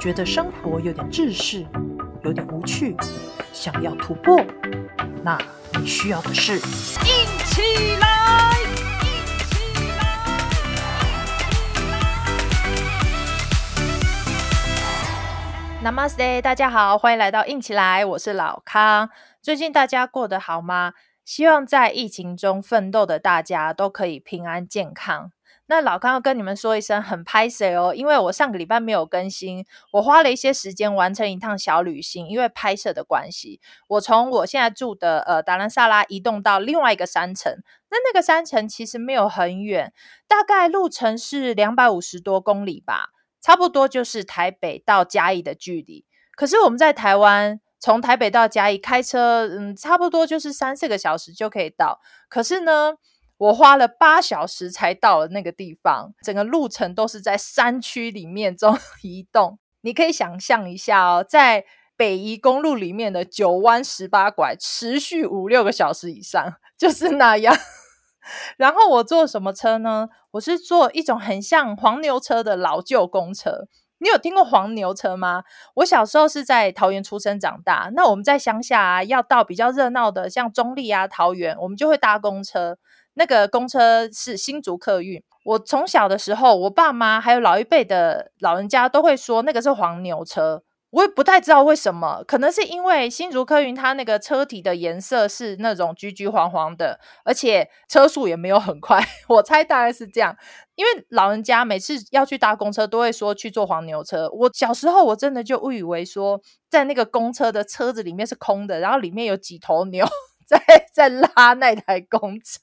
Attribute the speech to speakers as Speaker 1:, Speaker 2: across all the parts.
Speaker 1: 覺得生活有點窒息，有點無趣，想要突破，那你需要的是印起來！Namaste，大家好，歡迎來到印起來，我是老康。最近大家過得好嗎？希望在疫情中奮鬥的大家都可以平安健康。那老康要跟你們說一聲，很不好意思哦，因為我上個禮拜沒有更新，我花了一些時間完成一趟小旅行，因為拍攝的關係，我從我現在住的呃達蘭薩拉移動到另外一個山城，那那個山城其實沒有很遠，大概路程是兩百五十多公里吧，差不多就是台北到嘉義的距離。可是我們在台灣，從台北到嘉義開車，嗯，差不多就是三四個小時就可以到。可是呢？我花了八小時才到了那個地方，整個路程都是在山區裡面中移動。你可以想象一下哦，在北宜公路裡面的九彎十八拐，持續五六個小時以上，就是那樣。 然後我坐什麼車呢？我是坐一種很像黃牛車的老舊公車。你有聽過黃牛車嗎？我小時候是在桃園出生長大，那我們在鄉下啊，要到比較熱鬧的，像中壢啊、桃園，我們就會搭公車。那個公車是新竹客運。我從小的時候，我爸媽還有老一輩的老人家都會說，那個是黃牛車。我也不太知道為什麼，可能是因為新竹客運它那個車體的顏色是那種橘橘黃黃的，而且車速也沒有很快。我猜大概是這樣，因為老人家每次要去搭公車都會說去坐黃牛車。我小時候我真的就誤以為說，在那個公車的車子裡面是空的，然後裡面有幾頭牛在在拉那台公車。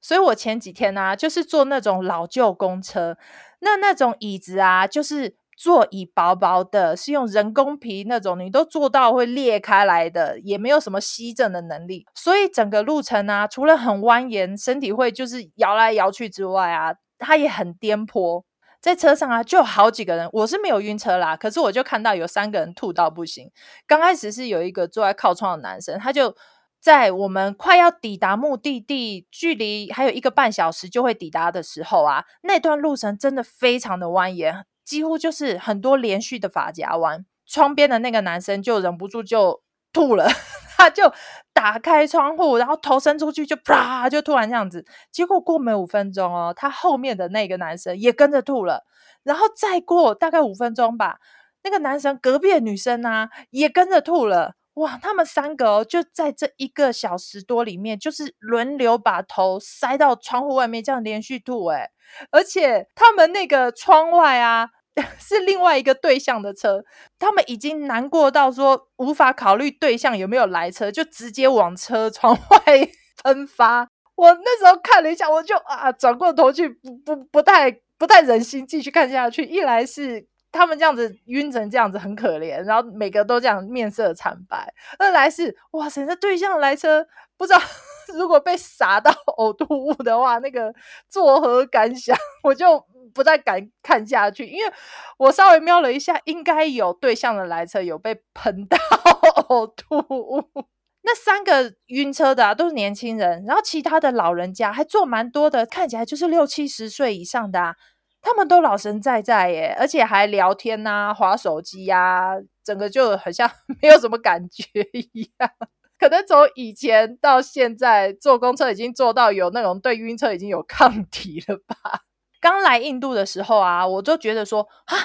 Speaker 1: 所以我前幾天呢、啊，就是坐那種老舊公車，那那種椅子啊，就是座椅薄薄的，是用人工皮那種，你都坐到會裂開來的，也沒有什麼吸震的能力。所以整個路程啊，除了很蜿蜒，身體會就是搖來搖去之外啊，它也很顛簸。在車上啊，就好幾個人，我是沒有暈車啦，可是我就看到有三個人吐到不行。剛開始是有一個坐在靠窗的男生，他就。在我們快要抵達目的地，距離還有一個半小時就會抵達的時候啊，那段路程真的非常的蜿蜒，幾乎就是很多連續的髮夾彎。窗邊的那個男生就忍不住就吐了，他就打開窗戶，然後頭伸出去就啪，就突然這樣子。結果過沒五分鐘哦，他後面的那個男生也跟着吐了，然後再過大概五分鐘吧，那個男生隔壁的女生啊也跟着吐了。哇，他們三個哦，就在這一個小時多裡面，就是輪流把頭塞到窗戶外面，這樣連續吐誒。而且他們那個窗外啊，是另外一個對向的車，他們已經難過到說無法考慮對向有沒有來車，就直接往車窗外噴發。我那時候看了一下，我就啊轉過頭去，不不不太不太忍心繼續看下去，一來是。他們這樣子暈成這樣子很可憐，然後每個都這樣面色慘白。二來是哇塞，那對象來車不知道如果被灑到嘔吐物的話，那個作何感想？我就不再敢看下去，因為我稍微瞄了一下，應該有對象的來車有被噴到嘔吐物。那三個暈車的啊，都是年輕人，然後其他的老人家還坐蠻多的，看起來就是六七十歲以上的啊。他們都老神在在耶，而且還聊天吶、啊、滑手機呀、啊，整個就很像沒有什麼感覺一樣。可能從以前到現在坐公車，已經坐到有那種對暈車已經有抗體了吧？剛來印度的時候啊，我都覺得說啊，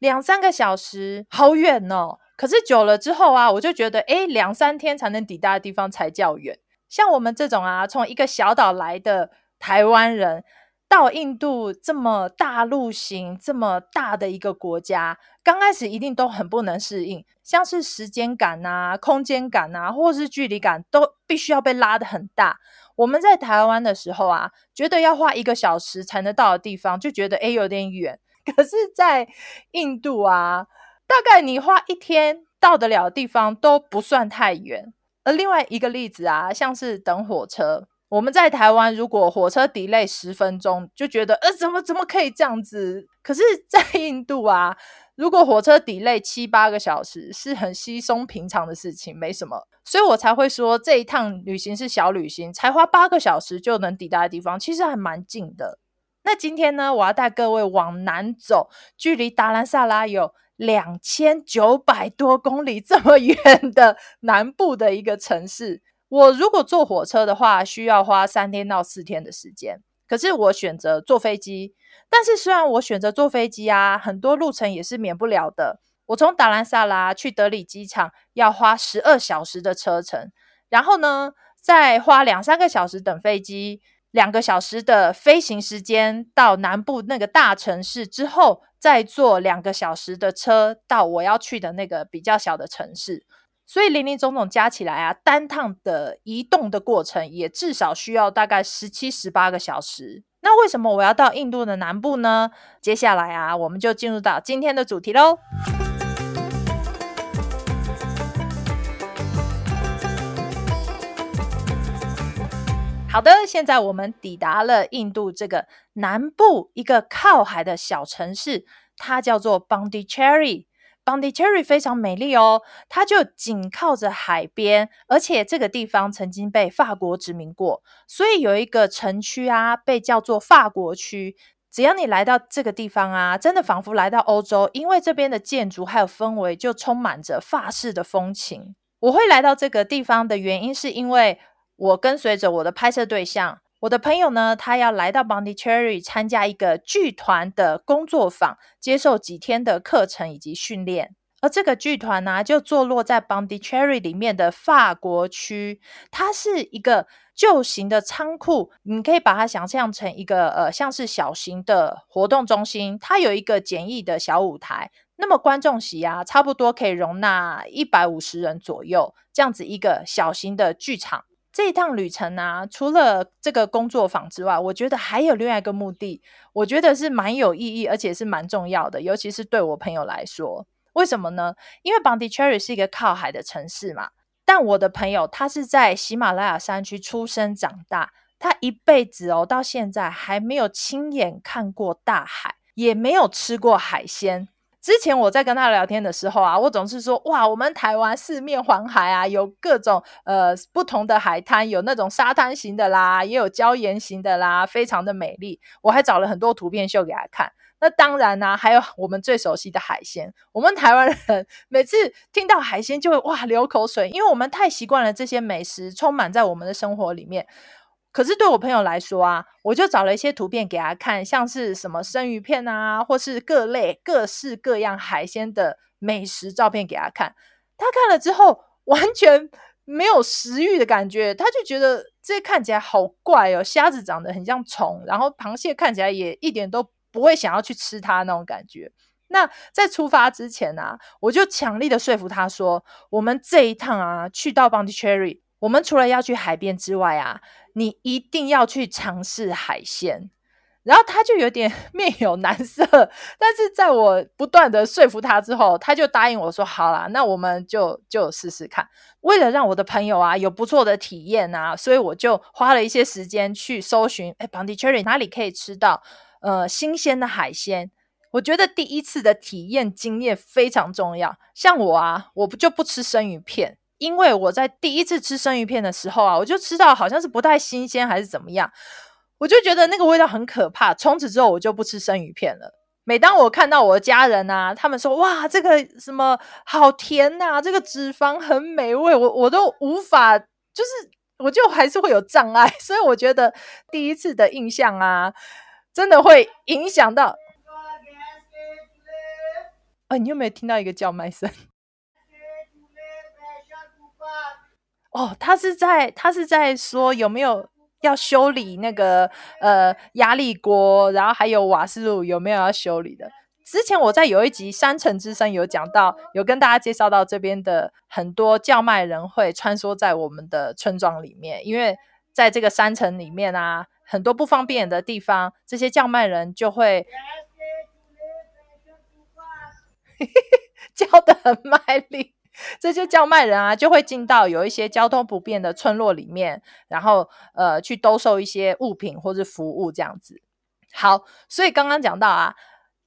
Speaker 1: 兩三個小時好遠哦。可是久了之後啊，我就覺得誒兩、欸、三天才能抵達的地方才叫遠。像我們這種啊，從一個小島來的台灣人。到印度這麼大陸型這麼大的一個國家，剛開始一定都很不能適應，像是時間感吶、啊、空間感吶、啊，或是距離感，都必須要被拉得很大。我們在台灣的時候啊，覺得要花一個小時才能到的地方，就覺得誒有點遠。可是，在印度啊，大概你花一天到得了的地方都不算太遠。而另外一個例子啊，像是等火車。我們在台灣，如果火車 delay 十分鐘，就覺得，呃，怎麼怎麼可以這樣子？可是，在印度啊，如果火車 delay 七八個小時，是很稀鬆平常的事情，沒什麼。所以我才會說，這一趟旅行是小旅行，才花八個小時就能抵達的地方，其實還蠻近的。那今天呢，我要帶各位往南走，距離達蘭薩拉有兩千九百多公里，這麼遠的南部的一個城市。我如果坐火車的話，需要花三天到四天的時間。可是我選擇坐飛機，但是雖然我選擇坐飛機啊，很多路程也是免不了的。我從達蘭薩拉去德里機場要花十二小時的車程，然後呢，再花兩三個小時等飛機，兩個小時的飛行時間到南部那個大城市之後，再坐兩個小時的車到我要去的那個比較小的城市。所以，林林總總加起來啊，單趟的移動的過程也至少需要大概十七、十八個小時。那為什麼我要到印度的南部呢？接下來啊，我們就進入到今天的主題嘍。好的，現在我們抵達了印度這個南部一個靠海的小城市，它叫做 Pondicherry。Pondicherry 非常美麗哦，它就緊靠着海邊，而且這個地方曾經被法國殖民過，所以有一個城區啊被叫做法國區。只要你來到這個地方啊，真的仿佛來到歐洲，因為這邊的建築還有氛圍就充滿着法式的風情。我會來到這個地方的原因，是因為我跟隨着我的拍攝對象。我的朋友呢，他要來到 Pondicherry 參加一個劇團的工作坊，接受幾天的課程以及訓練。而這個劇團呢、啊，就坐落在 Pondicherry 裡面的法國區。它是一個舊型的倉庫，你可以把它想象成一個呃，像是小型的活動中心。它有一個簡易的小舞台，那麼觀眾席啊，差不多可以容納一百五十人左右，這樣子一個小型的劇場。這一趟旅程啊，除了這個工作坊之外，我覺得還有另外一個目的，我覺得是蠻有意義，而且是蠻重要的，尤其是對我朋友來說。為什麼呢？因為 Pondicherry 是一個靠海的城市嘛，但我的朋友他是在喜馬拉雅山區出生長大，他一輩子哦，到現在還沒有親眼看過大海，也沒有吃過海鮮。之前我在跟他聊天的時候啊，我總是說，哇，我們台灣四面環海啊，有各種呃不同的海灘，有那種沙灘型的啦，也有礁岩型的啦，非常的美麗。我還找了很多圖片秀給他看。那當然啦、啊，還有我們最熟悉的海鮮。我們台灣人每次聽到海鮮就會哇流口水，因為我們太習慣了這些美食充滿在我們的生活裡面。可是對我朋友來說啊，我就找了一些圖片給他看，像是什麼生魚片啊，或是各類各式各樣海鮮的美食照片給他看。他看了之後完全沒有食欲的感覺，他就覺得這看起來好怪哦，蝦子長得很像蟲，然後螃蟹看起來也一點都不會想要去吃它那種感覺。那在出發之前啊，我就強力的說服他說，我們這一趟啊，去到 Pondicherry，我們除了要去海邊之外啊。你一定要去嘗試海鮮，然後他就有點面有難色，但是在我不斷的說服他之後，他就答應我說：“好啦，那我們就就試試看。”為了讓我的朋友啊有不錯的體驗啊，所以我就花了一些時間去搜尋，哎，Pondicherry 哪裡可以吃到呃新鮮的海鮮？我覺得第一次的體驗經驗非常重要。像我啊，我不就不吃生魚片。因為我在第一次吃生魚片的時候啊，我就吃到好像是不太新鮮還是怎麼樣，我就覺得那個味道很可怕。從此之後，我就不吃生魚片了。每當我看到我的家人啊，他們說：“哇，這個什麼好甜吶，啊，這個脂肪很美味。我”我我都無法，就是我就還是會有障礙。所以我覺得第一次的印象啊，真的會影響到。啊，你有沒有聽到一個叫賣聲？哦，他是在他是在說有沒有要修理那個呃壓力鍋，然後還有瓦斯爐有沒有要修理的？之前我在有一集《山城之聲》有講到，有跟大家介紹到這邊的很多叫賣人會穿梭在我們的村莊裡面，因為在這個山城裡面啊，很多不方便的地方，這些叫賣人就會 叫得很賣力。這些叫賣人啊，就會進到有一些交通不便的村落裡面，然後呃去兜售一些物品或是服務這樣子。好，所以剛剛講到啊，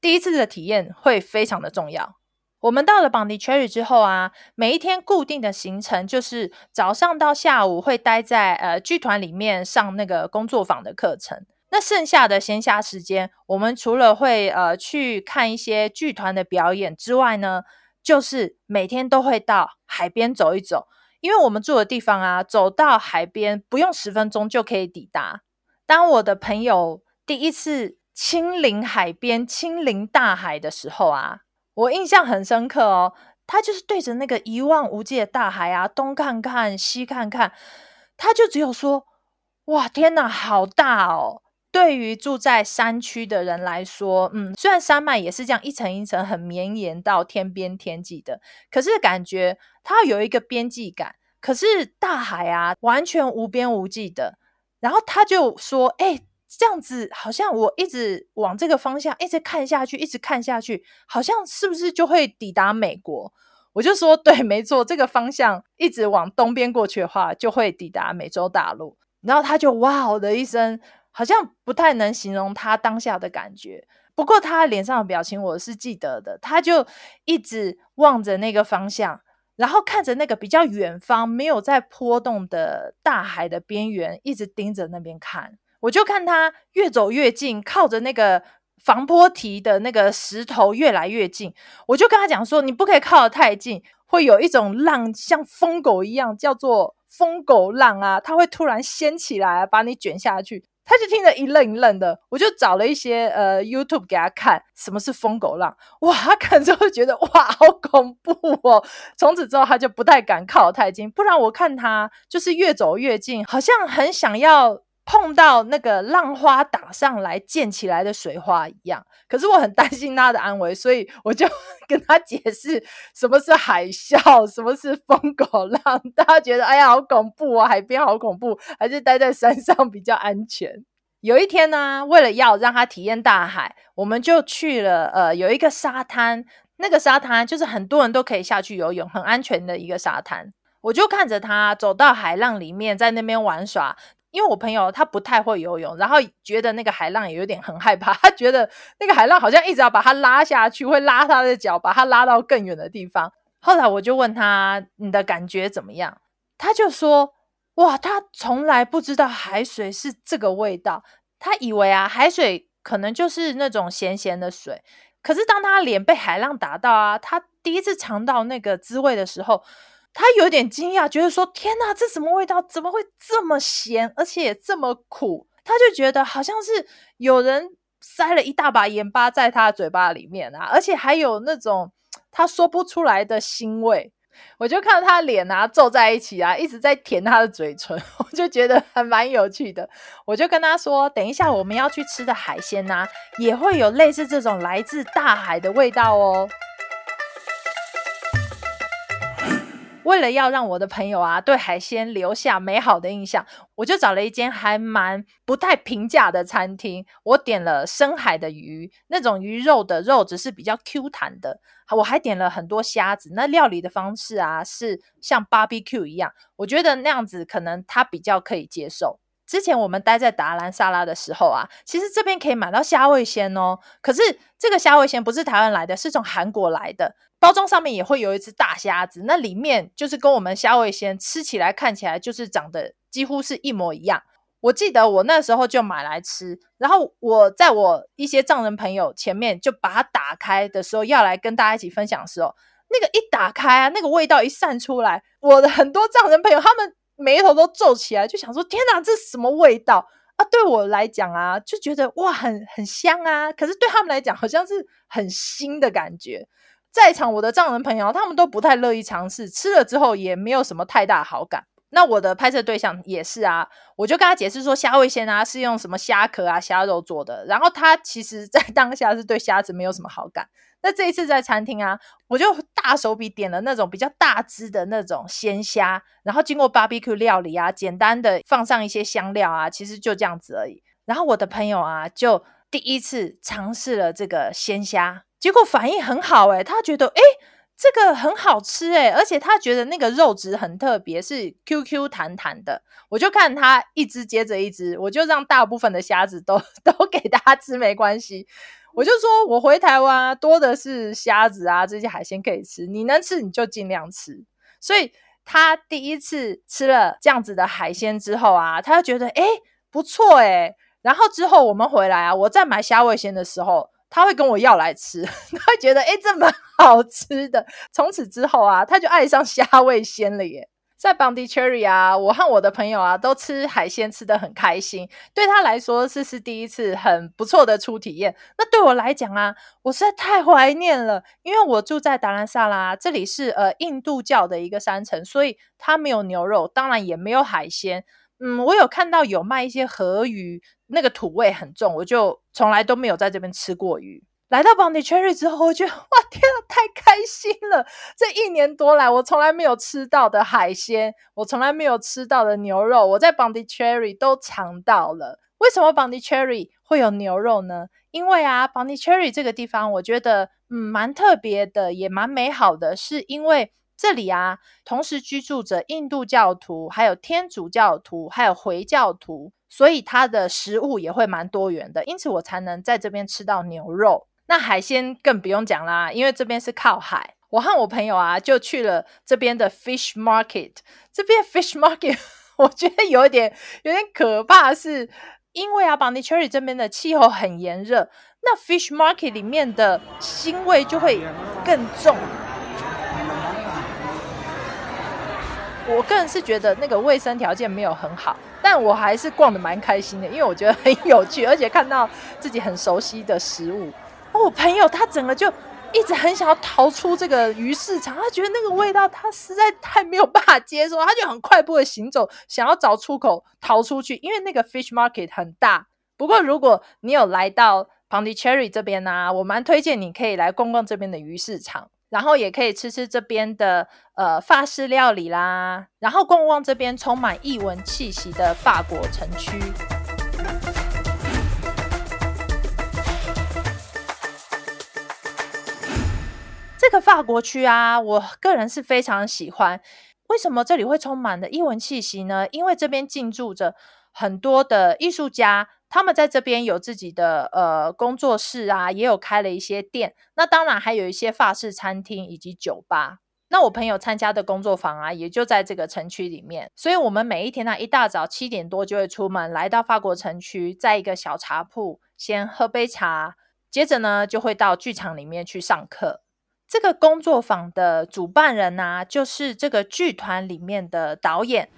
Speaker 1: 第一次的體驗會非常的重要。我們到了 Pondicherry 之後啊，每一天固定的行程就是早上到下午會待在呃劇團裡面上那個工作坊的課程。那剩下的閒暇時間，我們除了會呃去看一些劇團的表演之外呢，就是每天都會到海邊走一走，因為我們住的地方啊，走到海邊不用十分鐘就可以抵達。當我的朋友第一次親臨海邊、親臨大海的時候啊，我印象很深刻哦。他就是對着那個一望無際的大海啊，東看看、西看看，他就只有說：“哇，天吶，好大哦！”對於住在山區的人來說，嗯，雖然山脈也是這樣一層一層很綿延到天邊天際的，可是感覺它有一個邊際感。可是大海啊，完全無邊無際的。然後他就說：“哎，這樣子好像我一直往這個方向一直看下去，一直看下去，好像是不是就會抵達美國？”我就說：“對，沒錯，這個方向一直往東邊過去的話，就會抵達美洲大陸。”然後他就哇的一聲。好像不太能形容他當下的感覺，不過他臉上的表情我是記得的。他就一直望着那個方向，然後看着那個比較遠方沒有在波動的大海的邊緣，一直盯着那邊看。我就看他越走越近，靠着那個防波堤的那個石頭越來越近。我就跟他講說：“你不可以靠得太近，會有一種浪像瘋狗一樣，叫做瘋狗浪啊！它會突然掀起來，把你捲下去。”他就聽得一愣一愣的，我就找了一些呃 YouTube 給他看，什麼是瘋狗浪，哇，他看之後覺得哇，好恐怖哦！從此之後他就不太敢靠得太近，不然我看他就是越走越近，好像很想要。碰到那個浪花打上來濺起來的水花一樣，可是我很擔心他的安危，所以我就 跟他解釋什麼是海嘯，什麼是瘋狗浪。大家覺得哎呀，好恐怖啊！海邊好恐怖，還是待在山上比較安全。有一天呢、啊，為了要讓他體驗大海，我們就去了呃，有一個沙灘，那個沙灘就是很多人都可以下去游泳，很安全的一個沙灘。我就看着他走到海浪裡面，在那邊玩耍。因為我朋友他不太會游泳，然後覺得那個海浪也有點很害怕，他覺得那個海浪好像一直要把他拉下去，會拉他的腳，把他拉到更遠的地方。後來我就問他，你的感覺怎麼樣？他就說哇，他從來不知道海水是這個味道，他以為啊，海水可能就是那種鹹鹹的水，可是當他臉被海浪打到啊，他第一次嚐到那個滋味的時候。他有點驚訝，覺得說：“天吶，這什麼味道？怎麼會這麼鹹，而且也這麼苦？”他就覺得好像是有人塞了一大把鹽巴在他的嘴巴裡面啊，而且還有那種他說不出來的腥味。我就看到他臉啊，皺在一起啊，一直在舔他的嘴唇，我就覺得還蠻有趣的。我就跟他說：“等一下，我們要去吃的海鮮吶啊，也會有類似這種來自大海的味道哦。”為了要讓我的朋友啊，對海鮮留下美好的印象，我就找了一間還蠻不太平價的餐廳。我點了深海的魚，那種魚肉的肉質是比較 Q 彈的。我還點了很多蝦子，那料理的方式啊是像芭比 Q 一樣。我覺得那樣子可能他比較可以接受。之前我們待在達蘭薩拉的時候啊，其實這邊可以買到蝦味先哦。可是這個蝦味先不是台灣來的，是從韓國來的，包裝上面也會有一隻大蝦子。那裡面就是跟我們蝦味先吃起來、看起來就是長得幾乎是一模一樣。我記得我那時候就買來吃，然後我在我一些藏人朋友前面就把它打開的時候，要來跟大家一起分享的時候，那個一打開啊，那個味道一散出來，我的很多藏人朋友他們。眉頭都皺起來，就想說：“天哪，這什麼味道啊？”對我來講啊，就覺得哇，很很香啊。可是對他們來講，好像是很腥的感覺。在場我的藏人朋友，他們都不太樂意嘗試，吃了之後也沒有什麼太大好感。那我的拍攝對象也是啊，我就跟他解釋說，蝦味先啊，是用什麼蝦殼啊、蝦肉做的。然後他其實在當下是對蝦子沒有什麼好感。那這一次在餐廳啊，我就大手筆點了那種比較大隻的那種鮮蝦，然後經過 barbecue 料理啊，簡單的放上一些香料啊，其實就這樣子而已。然後我的朋友啊，就第一次嘗試了這個鮮蝦，結果反應很好哎、欸，他覺得哎，這個很好吃哎、欸，而且他覺得那個肉質很特別，是 QQ 彈彈的。我就看他一隻接着一隻，我就讓大部分的蝦子都都給大家吃，沒關係。我就說，我回台灣、啊、多的是蝦子啊，這些海鮮可以吃。你能吃，你就盡量吃。所以他第一次吃了這樣子的海鮮之後啊，他就覺得誒、欸、不錯誒、欸、然後之後我們回來啊，我再買蝦味先的時候，他會跟我要來吃，他會覺得誒、欸、這蠻好吃的。從此之後啊，他就愛上蝦味先了耶。在 Pondicherry 啊，我和我的朋友啊，都吃海鮮吃得很開心。對他來說，這是第一次，很不錯的初體驗。那對我來講啊，我實在太懷念了，因為我住在達蘭薩拉，這裡是呃印度教的一個山城，所以它沒有牛肉，當然也沒有海鮮。嗯，我有看到有賣一些河魚，那個土味很重，我就從來都沒有在這邊吃過魚。來到 Pondicherry 之後，我覺得哇天啊，太開心了！這一年多來，我從來沒有吃到的海鮮，我從來沒有吃到的牛肉，我在 Pondicherry 都嘗到了。為什麼 Pondicherry 會有牛肉呢？因為啊，Pondicherry 這個地方，我覺得嗯蠻特別的，也蠻美好的，是因為這裡啊，同時居住着印度教徒、還有天主教徒、還有回教徒，所以它的食物也會蠻多元的，因此我才能在這邊吃到牛肉。那海鮮更不用講啦，因為這邊是靠海。我和我朋友啊，就去了這邊的 fish market。這邊 fish market 我覺得有點有點可怕是，是因為啊，Pondicherry 這邊的氣候很炎熱，那 fish market 裡面的腥味就會更重。我個人是覺得那個衛生條件沒有很好，但我還是逛的蠻開心的，因為我覺得很有趣，而且看到自己很熟悉的食物。我朋友他整個就一直很想要逃出這個魚市場，他覺得那個味道他實在太沒有辦法接受，他就很快步的行走，想要找出口逃出去。因為那個 fish market 很大，不過如果你有來到 Pondicherry 這邊呢、啊，我蠻推薦你可以來逛逛這邊的魚市場，然後也可以吃吃這邊的呃法式料理啦，然後逛逛這邊充滿異文氣息的法國城區。這個法國區啊，我個人是非常喜歡。為什麼這裡會充滿了藝文氣息呢？因為這邊進駐着很多的藝術家，他們在這邊有自己的呃工作室啊，也有開了一些店。那當然還有一些法式餐廳以及酒吧。那我朋友參加的工作坊啊，也就在這個城區裡面。所以，我們每一天呢、啊，一大早七點多就會出門，來到法國城區，在一個小茶鋪先喝杯茶，接着呢，就會到劇場裡面去上課。這個工作坊的主辦人吶、啊，就是這個劇團裡面的導演。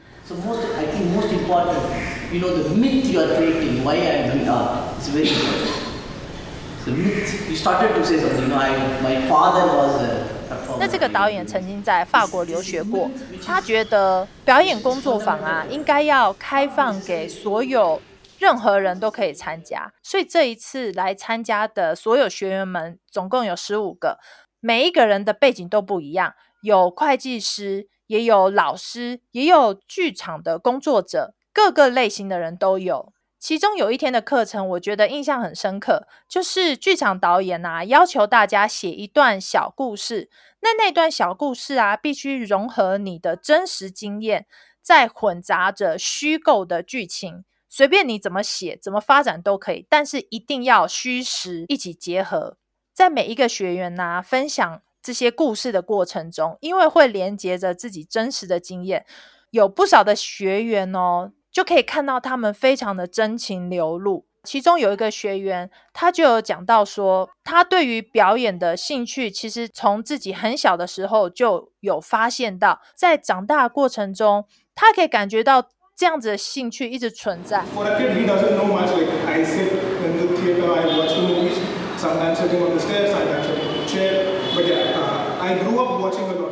Speaker 1: 那這個導演曾經在法國留學過，this, this is the meaning, which is, 他覺得表演工作坊啊，應該要開放給所有任何人都可以參加，所以這一次來參加的所有學員們，總共有十五個。每一個人的背景都不一樣，有會計師，也有老師，也有劇場的工作者，各個類型的人都有。其中有一天的課程，我覺得印象很深刻，就是劇場導演吶、啊，要求大家寫一段小故事。那那段小故事啊，必須融合你的真實經驗，再混雜着虛構的劇情，隨便你怎麼寫、怎麼發展都可以，但是一定要虛實一起結合。在每一個學員吶、啊、分享，這些故事的過程中，因為會連接着自己真實的經驗，有不少的學員哦，就可以看到他們非常的真情流露。其中有一個學員，他就有講到說，他對於表演的興趣，其實從自己很小的時候就有發現到，在長大的過程中，他可以感覺到這樣子的興趣一直存在。我的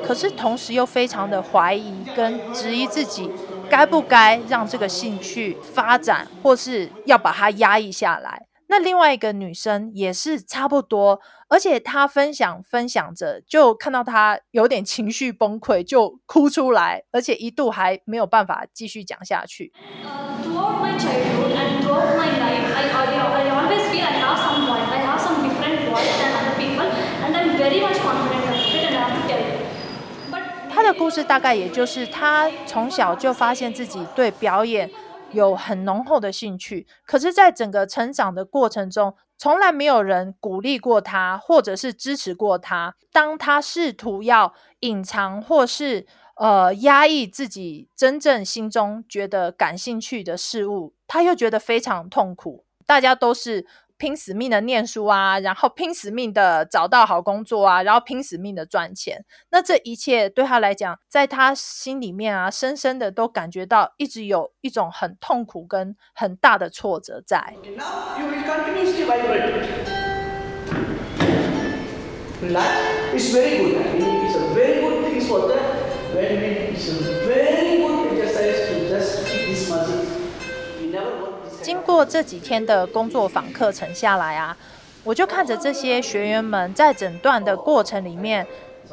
Speaker 1: 可是同時又非常的懷疑跟質疑自己，該不該讓這個興趣發展，或是要把它壓抑下來？那另外一個女生也是差不多，而且她分享分享着就看到她有點情緒崩潰，就哭出來，而且一度還沒有辦法繼續講下去。Uh, 故事大概也就是他從小就發現自己對表演有很濃厚的興趣，可是，在整個成長的過程中，從來沒有人鼓勵過他，或者是支持過他。當他試圖要隱藏或是呃壓抑自己真正心中覺得感興趣的事物，他又覺得非常痛苦。大家都是。拼死命的念書啊，然後拼死命的找到好工作啊，然後拼死命的賺錢。那這一切對他來講，在他心裡面啊，深深的都感覺到一直有一種很痛苦跟很大的挫折在。Okay, 經過這幾天的工作坊課程下來啊，我就看着這些學員們在診斷的過程裡面，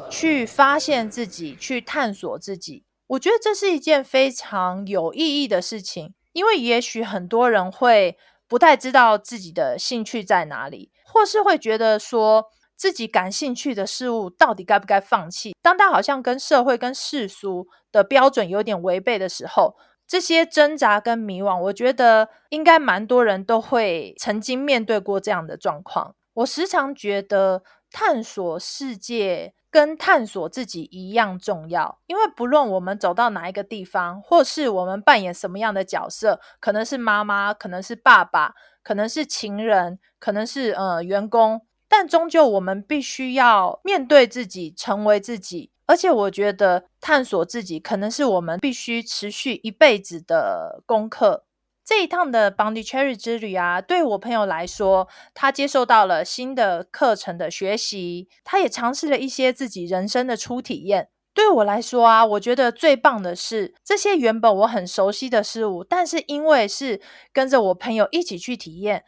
Speaker 1: 去發現自己，去探索自己。我覺得這是一件非常有意義的事情，因為也許很多人會不太知道自己的興趣在哪裡，或是會覺得說自己感興趣的事物到底該不該放棄。當他好像跟社會跟世俗的標準有點違背的時候。這些掙扎跟迷惘，我覺得應該蠻多人都會曾經面對過這樣的狀況。我時常覺得探索世界跟探索自己一樣重要，因為不論我們走到哪一個地方，或是我們扮演什麼樣的角色，可能是媽媽，可能是爸爸，可能是情人，可能是呃員工，但終究我們必須要面對自己，成為自己。而且我覺得探索自己可能是我們必須持續一輩子的功課。這一趟的 Pondicherry 之旅啊，對我朋友來說，他接受到了新的課程的學習，他也嘗試了一些自己人生的初體驗。對我來說啊，我覺得最棒的是這些原本我很熟悉的事物，但是因為是跟着我朋友一起去體驗，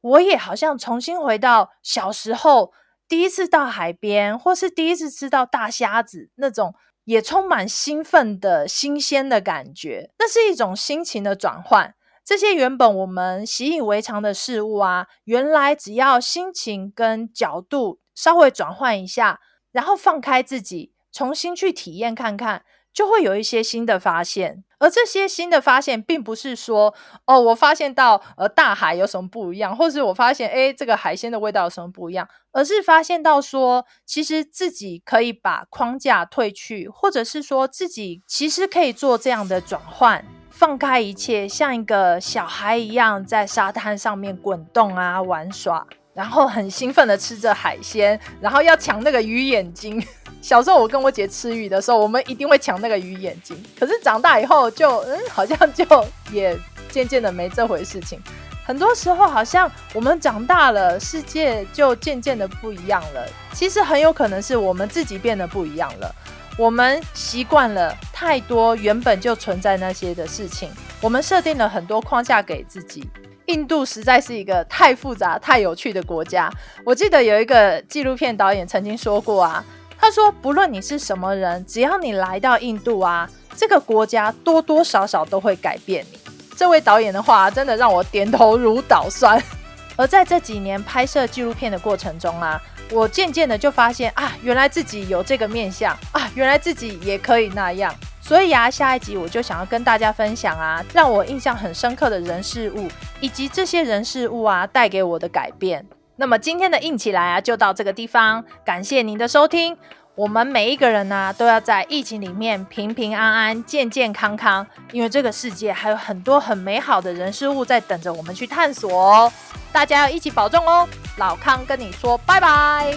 Speaker 1: 我也好像重新回到小時候。第一次到海邊，或是第一次吃到大蝦子，那種也充滿興奮的新鮮的感覺。那是一種心情的轉換。這些原本我們習以為常的事物啊，原來只要心情跟角度稍微轉換一下，然後放開自己，重新去體驗看看。就會有一些新的發現，而這些新的發現，並不是說哦，我發現到呃大海有什麼不一樣，或者是我發現誒這個海鮮的味道有什麼不一樣，而是發現到說，其實自己可以把框架退去，或者是說自己其實可以做這樣的轉換，放開一切，像一個小孩一樣在沙灘上面滾動啊玩耍，然後很興奮的吃着海鮮，然後要搶那個魚眼睛。小時候我跟我姐吃魚的時候，我們一定會搶那個魚眼睛。可是長大以後就，嗯，好像就也漸漸的沒這回事情。很多時候好像我們長大了，世界就漸漸的不一樣了。其實很有可能是我們自己變得不一樣了。我們習慣了太多原本就存在那些的事情，我們設定了很多框架給自己。印度實在是一個太複雜、太有趣的國家。我記得有一個紀錄片導演曾經說過啊，他說：“不論你是什麼人，只要你來到印度啊，這個國家多多少少都會改變你。”這位導演的話真的讓我點頭如搗蒜。而在這幾年拍攝紀錄片的過程中啊，我漸漸的就發現啊，原來自己有這個面向啊，原來自己也可以那樣。所以呀、啊，下一集我就想要跟大家分享啊，讓我印象很深刻的人事物，以及這些人事物啊帶給我的改變。那麼今天的印起來啊，就到這個地方，感謝您的收聽。我們每一個人呢、啊，都要在疫情裡面平平安安、健健康康，因為這個世界還有很多很美好的人事物在等着我們去探索哦。大家要一起保重哦，老康跟你說拜拜。